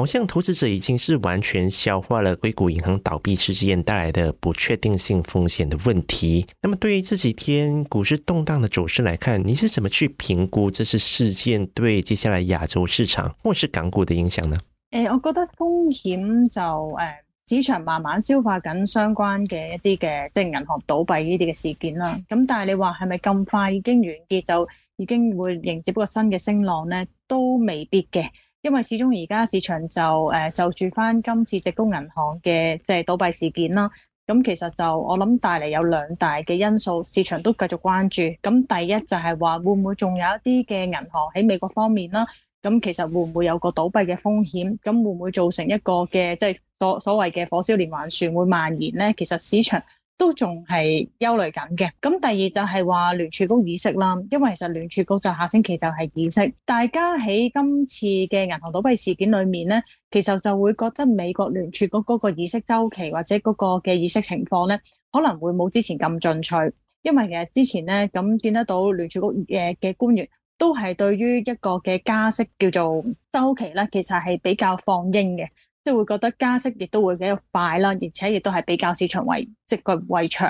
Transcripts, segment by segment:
好像投資者已經是完全消化了硅谷銀行倒閉事件帶來的不確定性風險的問題。那麼對於這幾天股市動盪的走勢來看，你是怎麼去評估這次事件對接下來亞洲市場或是港股的影響呢？誒、欸，我覺得風險就誒、欸，市場慢慢消化緊相關嘅一啲嘅，即係銀行倒閉呢啲嘅事件啦。咁但係你話係咪咁快已經完結就已經會迎接一個新嘅升浪呢？都未必嘅。因為始終而家市場就誒、呃、就住翻今次硅谷銀行嘅即係倒閉事件啦，咁其實就我諗帶嚟有兩大嘅因素，市場都繼續關注。咁第一就係話會唔會仲有一啲嘅銀行喺美國方面啦，咁其實會唔會有個倒閉嘅風險？咁會唔會造成一個嘅即係所所謂嘅火燒連環船會蔓延咧？其實市場。都仲係憂慮緊嘅。咁第二就係話聯儲局意識啦，因為其實聯儲局就下星期就係議息。大家喺今次嘅銀行倒閉事件裏面咧，其實就會覺得美國聯儲局嗰個議息週期或者嗰個嘅議息情況咧，可能會冇之前咁進取。因為其實之前咧咁見得到聯儲局誒嘅官員都係對於一個嘅加息叫做週期咧，其實係比較放鷹嘅。即係會覺得加息亦都會比較快啦，而且亦都係比較市場維即係個維長。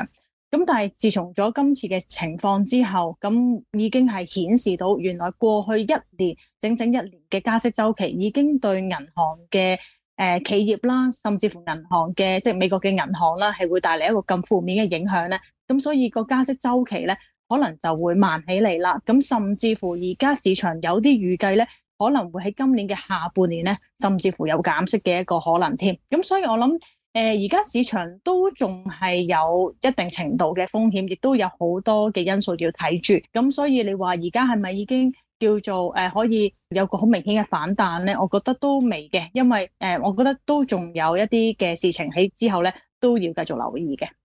咁但係自從咗今次嘅情況之後，咁已經係顯示到原來過去一年整整一年嘅加息週期已經對銀行嘅誒企業啦，甚至乎銀行嘅即係美國嘅銀行啦，係會帶嚟一個咁負面嘅影響咧。咁所以個加息週期咧，可能就會慢起嚟啦。咁甚至乎而家市場有啲預計咧。可能會喺今年嘅下半年咧，甚至乎有減息嘅一個可能添。咁所以我諗，誒而家市場都仲係有一定程度嘅風險，亦都有好多嘅因素要睇住。咁所以你話而家係咪已經叫做誒、呃、可以有個好明顯嘅反彈咧？我覺得都未嘅，因為誒、呃，我覺得都仲有一啲嘅事情喺之後咧都要繼續留意嘅。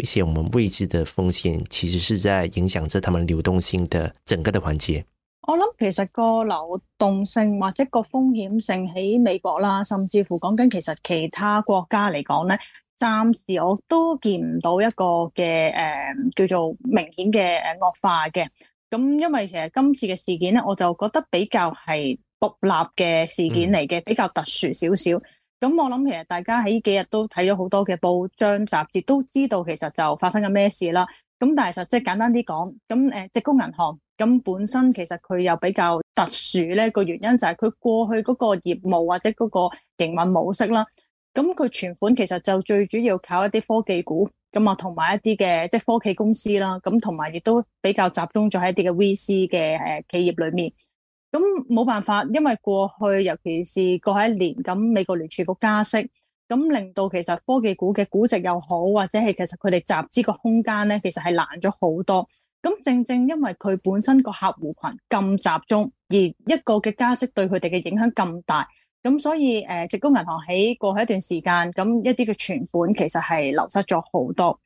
一些我們未知的風險，其實是在影響着他們流動性的整個的環節。我諗其實個流動性或者個風險性喺美國啦，甚至乎講緊其實其他國家嚟講咧，暫時我都見唔到一個嘅誒、嗯、叫做明顯嘅誒惡化嘅。咁因為其實今次嘅事件咧，我就覺得比較係獨立嘅事件嚟嘅，比較特殊少少。嗯咁我諗其實大家喺呢幾日都睇咗好多嘅報章雜誌，都知道其實就發生緊咩事啦。咁但係實即係簡單啲講，咁誒，矽谷銀行咁本身其實佢又比較特殊咧，個原因就係佢過去嗰個業務或者嗰個營運模式啦。咁佢存款其實就最主要靠一啲科技股，咁啊，同埋一啲嘅即係科技公司啦。咁同埋亦都比較集中咗喺一啲嘅 V C 嘅誒企業裏面。咁冇辦法，因為過去尤其是過去一年咁，美國聯儲局加息，咁令到其實科技股嘅估值又好，或者係其實佢哋集資個空間咧，其實係難咗好多。咁正正因為佢本身個客戶群咁集中，而一個嘅加息對佢哋嘅影響咁大，咁所以誒，矽谷銀行喺過去一段時間，咁一啲嘅存款其實係流失咗好多。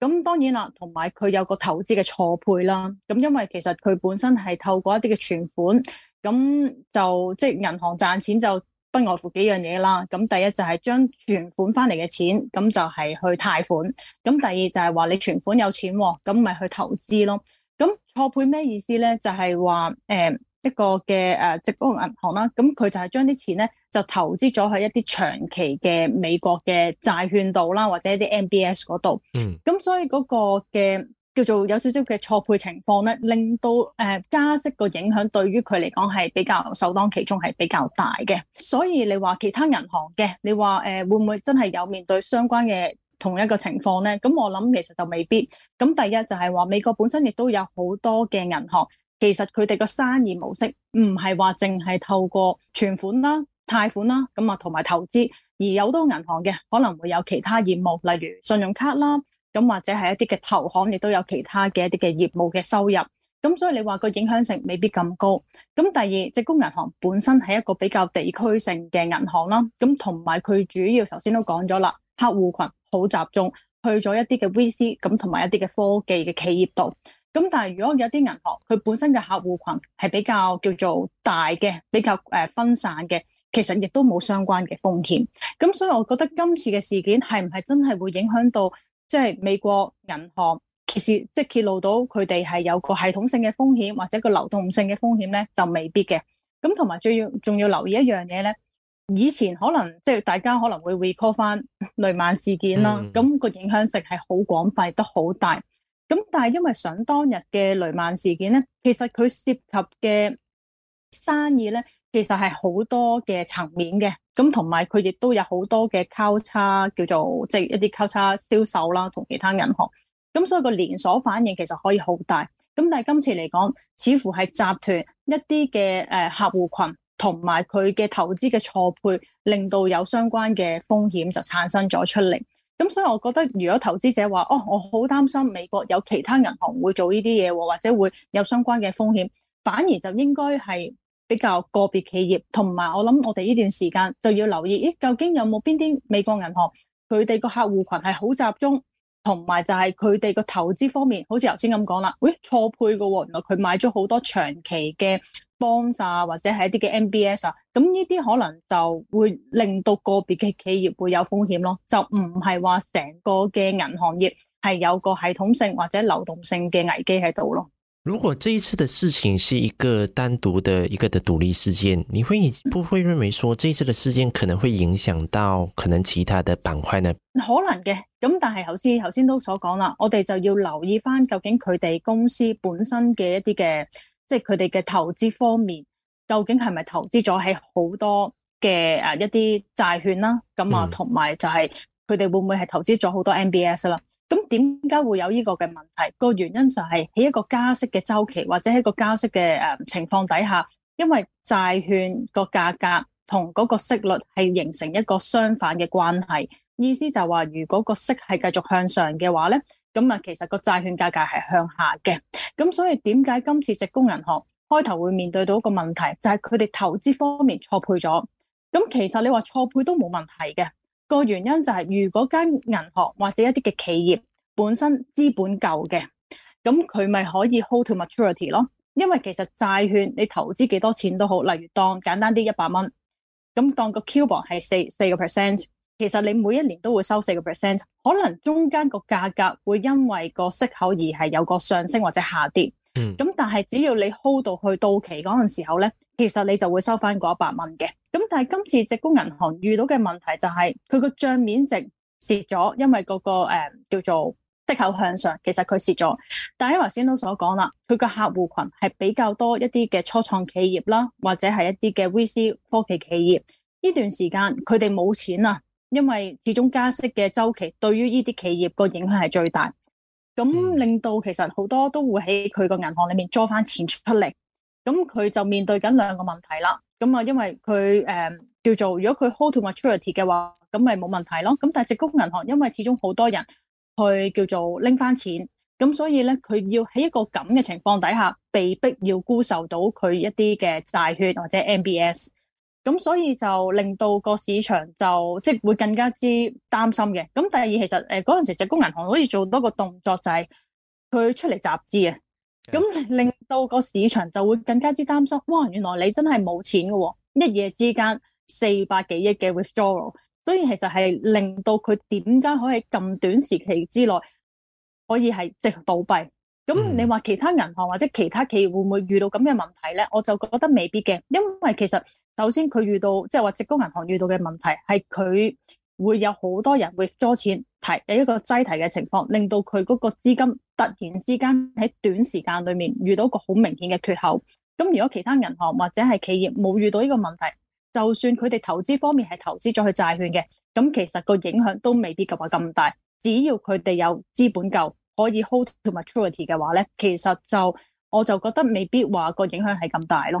咁當然啦，同埋佢有個投資嘅錯配啦。咁因為其實佢本身係透過一啲嘅存款，咁就即係銀行賺錢就不外乎幾樣嘢啦。咁第一就係將存款返嚟嘅錢，咁就係去貸款。咁第二就係話你存款有錢啊，咁咪去投資咯。咁錯配咩意思咧？就係話誒。欸一個嘅誒，矽谷銀行啦，咁佢就係將啲錢咧，就投資咗喺一啲長期嘅美國嘅債券度啦，或者一啲 MBS 嗰度。嗯。咁所以嗰個嘅叫做有少少嘅錯配情況咧，令到誒、呃、加息個影響對於佢嚟講係比較首當其衝係比較大嘅。所以你話其他銀行嘅，你話誒、呃、會唔會真係有面對相關嘅同一個情況咧？咁我諗其實就未必。咁第一就係話美國本身亦都有好多嘅銀行。其實佢哋個生意模式唔係話淨係透過存款啦、貸款啦，咁啊同埋投資。而好多銀行嘅可能會有其他業務，例如信用卡啦，咁或者係一啲嘅投行，亦都有其他嘅一啲嘅業務嘅收入。咁所以你話個影響性未必咁高。咁第二，硅谷銀行本身係一個比較地區性嘅銀行啦。咁同埋佢主要首先都講咗啦，客戶群好集中去咗一啲嘅 VC，咁同埋一啲嘅科技嘅企業度。咁但係如果有啲銀行，佢本身嘅客戶群係比較叫做大嘅，比較誒分散嘅，其實亦都冇相關嘅風險。咁所以我覺得今次嘅事件係唔係真係會影響到即係、就是、美國銀行，其實即係、就是、揭露到佢哋係有個系統性嘅風險或者個流動性嘅風險咧，就未必嘅。咁同埋最要仲要留意一樣嘢咧，以前可能即係、就是、大家可能會 recall 翻雷曼事件啦，咁、嗯個影響性係好廣泛，都好大。咁但係因為想當日嘅雷曼事件咧，其實佢涉及嘅生意咧，其實係好多嘅層面嘅，咁同埋佢亦都有好多嘅交叉叫做即係、就是、一啲交叉銷售啦，同其他銀行。咁所以個連鎖反應其實可以好大。咁但係今次嚟講，似乎係集團一啲嘅誒客戶群同埋佢嘅投資嘅錯配，令到有相關嘅風險就產生咗出嚟。咁、嗯、所以，我覺得如果投資者話：哦，我好擔心美國有其他銀行會做呢啲嘢，或者會有相關嘅風險，反而就應該係比較個別企業。同埋，我諗我哋呢段時間就要留意，咦，究竟有冇邊啲美國銀行佢哋個客戶群係好集中？同埋就係佢哋個投資方面，好似頭先咁講啦，喂、哎、錯配嘅喎、哦，原來佢買咗好多長期嘅 bonds 啊，或者係一啲嘅 MBS 啊，咁呢啲可能就會令到個別嘅企業會有風險咯，就唔係話成個嘅銀行業係有個系統性或者流動性嘅危機喺度咯。如果這一次的事情是一個單獨的一個的獨立事件，你會不會認為說這一次的事件可能會影響到可能其他的板塊呢？可能嘅，咁但係頭先頭先都所講啦，我哋就要留意返究竟佢哋公司本身嘅一啲嘅，即係佢哋嘅投資方面，究竟係咪投資咗喺好多嘅誒一啲債券啦？咁、嗯、啊，同埋就係佢哋會唔會係投資咗好多 MBS 啦？咁點解會有呢個嘅問題？個原因就係喺一個加息嘅週期或者喺個加息嘅誒情況底下，因為債券個價格同嗰個息率係形成一個相反嘅關係。意思就話，如果個息係繼續向上嘅話咧，咁啊其實個債券價格係向下嘅。咁所以點解今次硅谷銀行開頭會面對到一個問題，就係佢哋投資方面錯配咗。咁其實你話錯配都冇問題嘅。個原因就係，如果間銀行或者一啲嘅企業本身資本夠嘅，咁佢咪可以 hold to maturity 咯。因為其實債券你投資幾多錢都好，例如當簡單啲一百蚊，咁當個 coupon 係四四個 percent，其實你每一年都會收四個 percent。可能中間個價格會因為個息口而係有個上升或者下跌。咁、嗯、但係只要你 hold 到去到期嗰陣時候咧，其實你就會收翻嗰一百蚊嘅。咁但係今次矽谷銀行遇到嘅問題就係佢個賬面值蝕咗，因為嗰個誒叫做息口向上，其實佢蝕咗。但係頭先都所講啦，佢個客戶群係比較多一啲嘅初創企業啦，或者係一啲嘅 V C 科技企業。呢段時間佢哋冇錢啊，因為始終加息嘅周期對於呢啲企業個影響係最大，咁令到其實好多都會喺佢個銀行裏面捉翻錢出嚟。咁佢就面對緊兩個問題啦。咁啊，因為佢誒叫做，如果佢 hold to maturity 嘅話，咁咪冇問題咯。咁但係矽谷銀行，因為始終好多人去叫做拎翻錢，咁所以咧，佢要喺一個咁嘅情況底下，被逼要沽售到佢一啲嘅債券或者 MBS，咁所以就令到個市場就即係會更加之擔心嘅。咁第二，其實誒嗰陣時，矽谷銀行好似做多個動作，就係佢出嚟集資啊。咁令到個市場就會更加之擔心。哇！原來你真係冇錢嘅喎，啊，一夜之間四百幾億嘅 withdrawal，所以其實係令到佢點解可以咁短時期之內可以係即倒閉？咁你話其他銀行或者其他企業會唔會遇到咁嘅問題咧？我就覺得未必嘅，因為其實首先佢遇到即係話矽谷銀行遇到嘅問題係佢。會有好多人會捉錢提有一個擠提嘅情況，令到佢嗰個資金突然之間喺短時間裏面遇到一個好明顯嘅缺口。咁如果其他銀行或者係企業冇遇到呢個問題，就算佢哋投資方面係投資咗去債券嘅，咁其實個影響都未必夠話咁大。只要佢哋有資本夠可以 hold to maturity 嘅話咧，其實就我就覺得未必話個影響係咁大咯。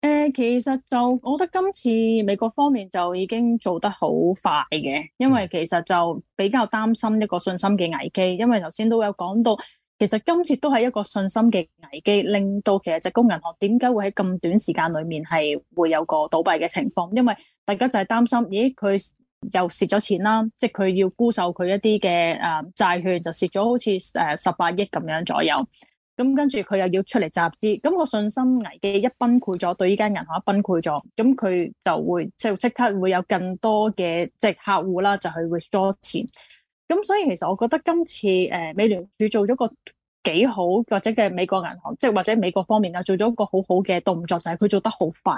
誒，其實就我覺得今次美國方面就已經做得好快嘅，因為其實就比較擔心一個信心嘅危機。因為頭先都有講到，其實今次都係一個信心嘅危機，令到其實硅谷銀行點解會喺咁短時間裏面係會有個倒閉嘅情況？因為大家就係擔心，咦，佢又蝕咗錢啦，即係佢要沽售佢一啲嘅誒債券，就蝕咗好似誒十八億咁樣左右。咁跟住佢又要出嚟集資，咁個信心危機一崩潰咗，對呢間銀行一崩潰咗，咁佢就會就即即刻會有更多嘅即係客戶啦，就去 withdraw 錢。咁所以其實我覺得今次美聯儲做咗個幾好或者嘅美國銀行，即係或者美國方面啊，做咗個好好嘅動作，就係佢做得好快。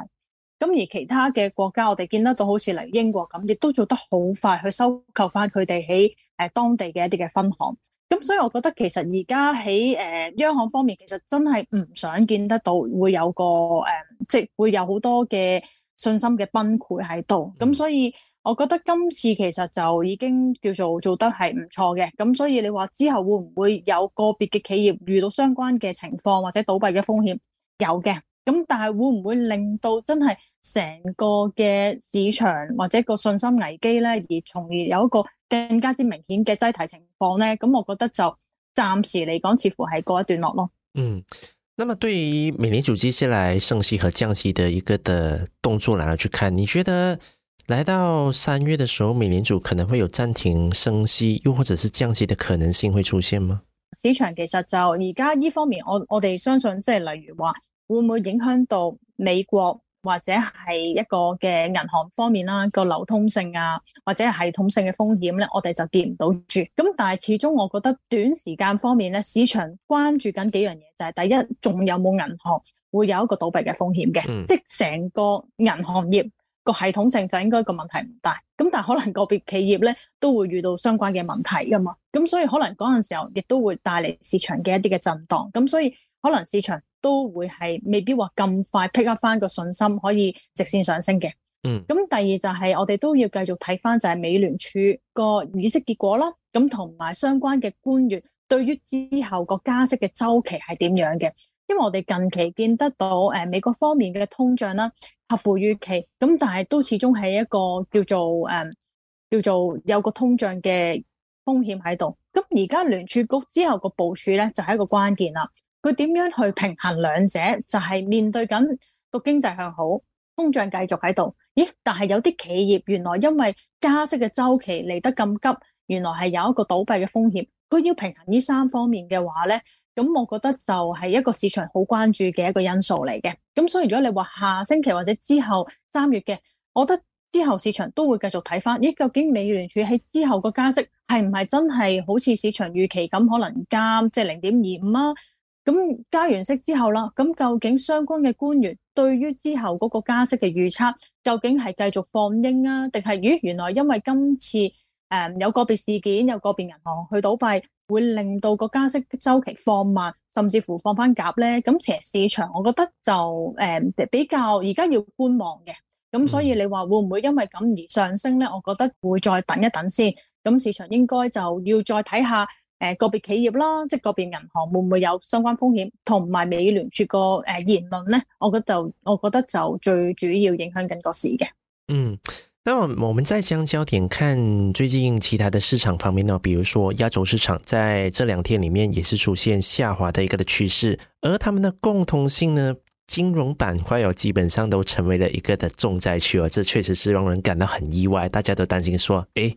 咁而其他嘅國家，我哋見得到好似嚟英國咁，亦都做得好快去收購翻佢哋喺當地嘅一啲嘅分行。咁所以，我覺得其實而家喺央行方面，其實真係唔想見得到會有個、uh，即係會有好多嘅信心嘅崩潰喺度。咁、嗯、所以，我覺得今次其實就已經叫做做得係唔錯嘅。咁所以，你話之後會唔會有個別嘅企業遇到相關嘅情況或者倒閉嘅風險？有嘅。咁、嗯、但係會唔會令到真係成個嘅市場或者個信心危機咧，而從而有一個更加之明顯嘅擠提情況咧？咁我覺得就暫時嚟講，似乎係過一段落咯。嗯，那麼對於美聯儲接下來升息和降息的一個的動作嚟看，你覺得來到三月嘅時候，美聯儲可能會有暫停升息，又或者是降息嘅可能性會出現嗎？市場其實就而家呢方面，我我哋相信即係例如話。會唔會影響到美國或者係一個嘅銀行方面啦，個流通性啊，或者系統性嘅風險咧？我哋就見唔到住。咁但係始終我覺得短時間方面咧，市場關注緊幾樣嘢就係、是、第一，仲有冇銀行會有一個倒閉嘅風險嘅、嗯，即係成個銀行業個系統性就應該個問題唔大。咁但係可能個別企業咧都會遇到相關嘅問題噶嘛。咁所以可能嗰陣時候亦都會帶嚟市場嘅一啲嘅震盪。咁所以可能市場。都會係未必話咁快 pick up 翻個信心，可以直線上升嘅。嗯，咁第二就係我哋都要繼續睇翻就係美聯儲個議息結果啦。咁同埋相關嘅官員對於之後個加息嘅周期係點樣嘅？因為我哋近期見得到誒、呃、美國方面嘅通脹啦，合乎預期，咁但係都始終係一個叫做誒、呃、叫做有個通脹嘅風險喺度。咁而家聯儲局之後個部署咧，就係一個關鍵啦。佢點樣去平衡兩者？就係面對緊個經濟向好，通脹繼續喺度。咦？但係有啲企業原來因為加息嘅週期嚟得咁急，原來係有一個倒閉嘅風險。佢要平衡呢三方面嘅話咧，咁我覺得就係一個市場好關注嘅一個因素嚟嘅。咁所以如果你話下星期或者之後三月嘅，我覺得之後市場都會繼續睇翻。咦？究竟美聯儲喺之後個加息係唔係真係好似市場預期咁可能加即係零點二五啊？咁加完息之後啦，咁究竟相關嘅官員對於之後嗰個加息嘅預測，究竟係繼續放鷹啊，定係咦？原來因為今次誒有個別事件，有個別銀行去倒閉，會令到個加息周期放慢，甚至乎放翻夾咧。咁其實市場我覺得就誒比較而家要觀望嘅。咁所以你話會唔會因為咁而上升咧？我覺得會再等一等先。咁市場應該就要再睇下。誒、呃，個別企業啦，即係個別銀行會唔會有相關風險？同埋美聯儲個誒言論呢，我覺得就我覺得就最主要影響緊個市嘅。嗯，那咁，我們再將焦點看最近其他的市場方面呢，比如說亞洲市場，在這兩天裡面也是出現下滑的一個的趨勢，而他們的共通性呢，金融板塊哦，基本上都成為了一個的重災區哦，而這確實是讓人感到很意外，大家都擔心說，誒、欸。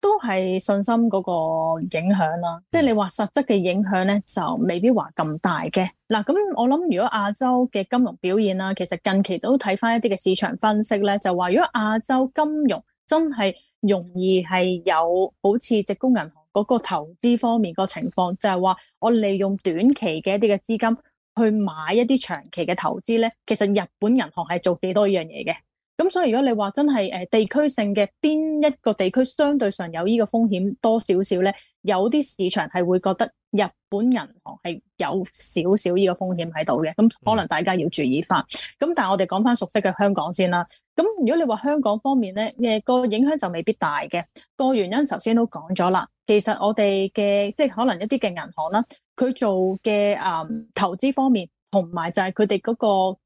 都係信心嗰個影響啦，即係你話實質嘅影響咧，就未必話咁大嘅。嗱，咁我諗如果亞洲嘅金融表現啦，其實近期都睇翻一啲嘅市場分析咧，就話如果亞洲金融真係容易係有好似矽谷銀行嗰個投資方面個情況，就係話我利用短期嘅一啲嘅資金去買一啲長期嘅投資咧，其實日本銀行係做幾多樣嘢嘅。咁所以如果你話真係誒地區性嘅邊一個地區相對上有呢個風險多少少咧，有啲市場係會覺得日本銀行係有少少呢個風險喺度嘅，咁可能大家要注意翻。咁、嗯、但係我哋講翻熟悉嘅香港先啦。咁如果你話香港方面咧，誒個影響就未必大嘅。個原因頭先都講咗啦，其實我哋嘅即係可能一啲嘅銀行啦，佢做嘅、嗯、投資方面。同埋就係佢哋嗰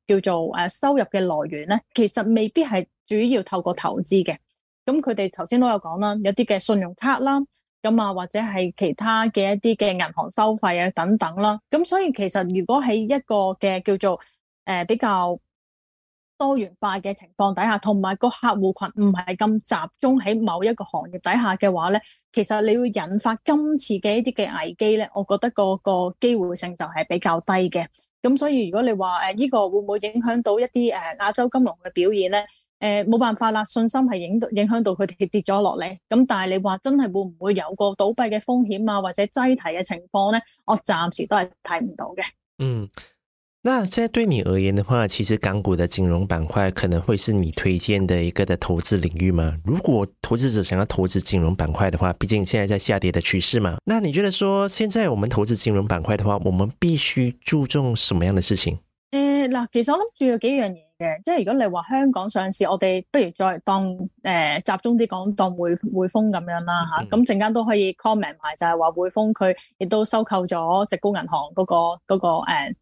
個叫做誒收入嘅來源咧，其實未必係主要透過投資嘅。咁佢哋頭先都有講啦，有啲嘅信用卡啦，咁啊或者係其他嘅一啲嘅銀行收費啊等等啦。咁所以其實如果喺一個嘅叫做誒比較多元化嘅情況底下，同埋個客戶群唔係咁集中喺某一個行業底下嘅話咧，其實你會引發今次嘅一啲嘅危機咧，我覺得嗰個機會性就係比較低嘅。咁所以如果你話誒呢個會唔會影響到一啲誒亞洲金融嘅表現咧？誒冇辦法啦，信心係影影響到佢哋跌咗落嚟。咁但係你話真係會唔會有個倒閉嘅風險啊，或者擠提嘅情況咧？我暫時都係睇唔到嘅。嗯。那現在對你而言的話，其實港股的金融板塊可能會是你推薦的一個的投資領域嗎？如果投資者想要投資金融板塊的話，畢竟現在在下跌的趨勢嘛，那你覺得說現在我們投資金融板塊的話，我們必須注重什麼樣的事情？誒，嗱，其實我諗住有幾樣嘢嘅，即係如果你話香港上市，我哋不如再當誒、呃、集中啲講，當匯匯豐咁樣啦吓，咁陣間都可以 comment 埋，就係、是、話匯豐佢亦都收購咗硅谷銀行嗰、那個、那個誒。呃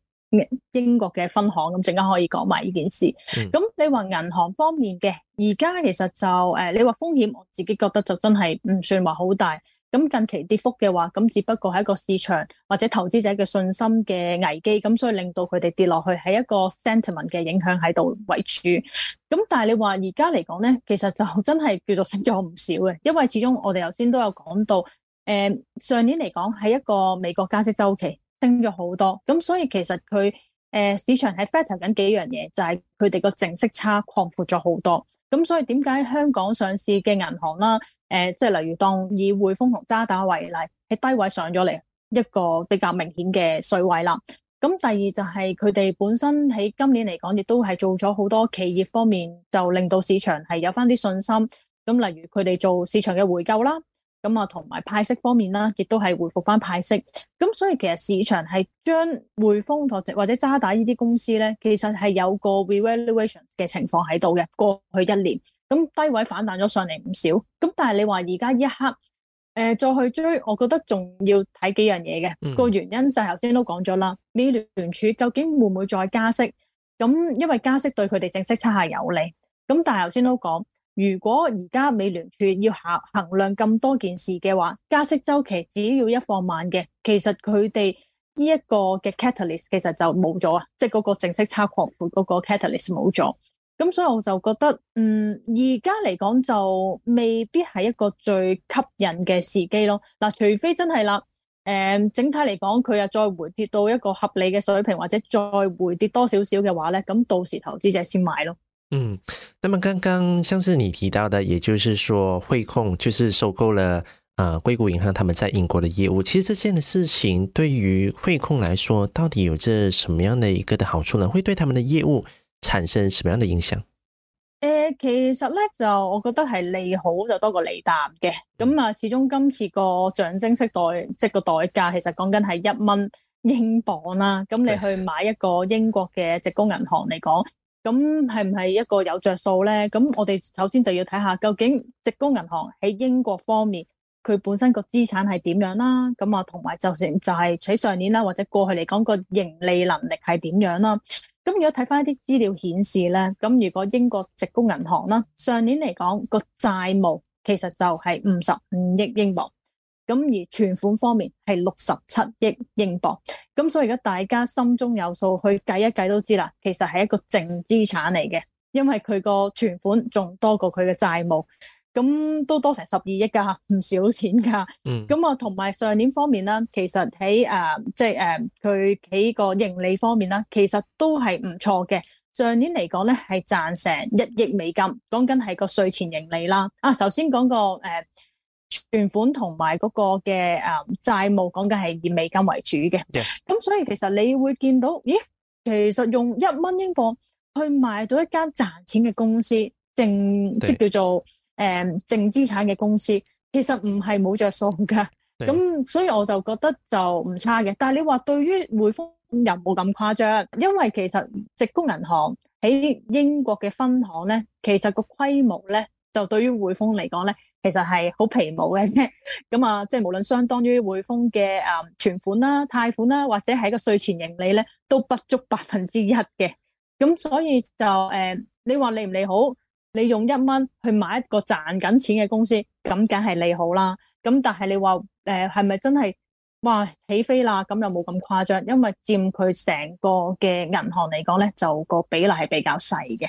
英國嘅分行咁，陣間可以講埋呢件事。咁、嗯、你話銀行方面嘅，而家其實就誒，你話風險，我自己覺得就真係唔算話好大。咁近期跌幅嘅話，咁只不過係一個市場或者投資者嘅信心嘅危機，咁所以令到佢哋跌落去係一個 sentiment 嘅影響喺度為主。咁但係你話而家嚟講咧，其實就真係叫做升咗唔少嘅，因為始終我哋頭先都有講到，誒、呃、上年嚟講係一個美國加息週期。升咗好多，咁所以其實佢、呃、市場係 factor 緊幾樣嘢，就係佢哋個淨息差擴闊咗好多。咁所以點解香港上市嘅銀行啦、呃，即係例如當以匯豐同渣打為例，喺低位上咗嚟一個比較明顯嘅稅位啦水位。咁第二就係佢哋本身喺今年嚟講，亦都係做咗好多企業方面，就令到市場係有翻啲信心。咁例如佢哋做市場嘅回購啦。咁啊，同埋派息方面啦，亦都係回覆翻派息。咁所以其實市場係將匯豐同或者渣打呢啲公司咧，其實係有個 revaluation 嘅情況喺度嘅。過去一年咁低位反彈咗上嚟唔少。咁但係你話而家一刻誒、呃、再去追，我覺得仲要睇幾樣嘢嘅。個、嗯、原因就係頭先都講咗啦，美聯儲究竟會唔會再加息？咁因為加息對佢哋淨息差係有利。咁但係頭先都講。如果而家美聯儲要衡衡量咁多件事嘅話，加息週期只要一放慢嘅，其實佢哋呢一個嘅 catalyst 其實就冇咗啊，即係嗰個正息差擴闊嗰個 catalyst 冇咗。咁所以我就覺得，嗯，而家嚟講就未必係一個最吸引嘅時機咯。嗱、啊，除非真係啦，誒、嗯，整體嚟講佢又再回跌到一個合理嘅水平，或者再回跌多少少嘅話咧，咁到時投資者先買咯。嗯，那麼剛剛像是你提到的，也就是說匯控就是收購了啊、呃、硅谷銀行他們在英國的業務。其實這件事情對於匯控來說，到底有着什麼樣的一個的好處呢？會對他們的業務產生什麼樣的影響？誒，其實咧就我覺得係利好就多過利淡嘅。咁啊，始終今次個象徵式代即個代價，其實講緊係一蚊英鎊啦、啊。咁你去買一個英國嘅直工銀行嚟講，咁係唔係一個有着數咧？咁我哋首先就要睇下究竟矽谷銀行喺英國方面佢本身個資產係點樣啦。咁啊，同埋就算就係取上年啦，或者過去嚟講個盈利能力係點樣啦。咁如果睇翻一啲資料顯示咧，咁如果英國矽谷銀行啦，上年嚟講個債務其實就係五十五億英鎊。咁而存款方面係六十七億英鎊，咁所以而家大家心中有數，去計一計都知啦，其實係一個淨資產嚟嘅，因為佢個存款仲多過佢嘅債務，咁都多成十二億噶，唔少錢噶。咁、嗯、啊，同埋上年方面啦，其實喺誒即係誒佢幾個盈利方面啦，其實都係唔錯嘅。上年嚟講咧，係賺成一億美金，講緊係個稅前盈利啦。啊，首先講個誒。呃存款同埋嗰個嘅誒債務，講緊係以美金為主嘅。咁所以其實你會見到，咦？其實用一蚊英鎊去買到一間賺錢嘅公司，正即係叫做誒正資產嘅公司，其實唔係冇著數噶。咁所以我就覺得就唔差嘅。但係你話對於匯豐又冇咁誇張，因為其實矽谷銀行喺英國嘅分行咧，其實個規模咧就對於匯豐嚟講咧。其實係好皮毛嘅啫，咁啊，即係無論相當於匯豐嘅誒存款啦、貸款啦，或者係一個稅前盈利咧，都不足百分之一嘅。咁所以就誒，你話利唔利好？你用一蚊去買一個賺緊錢嘅公司，咁梗係利好啦。咁但係你話誒係咪真係哇起飛啦？咁又冇咁誇張，因為佔佢成個嘅銀行嚟講咧，就個比例係比較細嘅。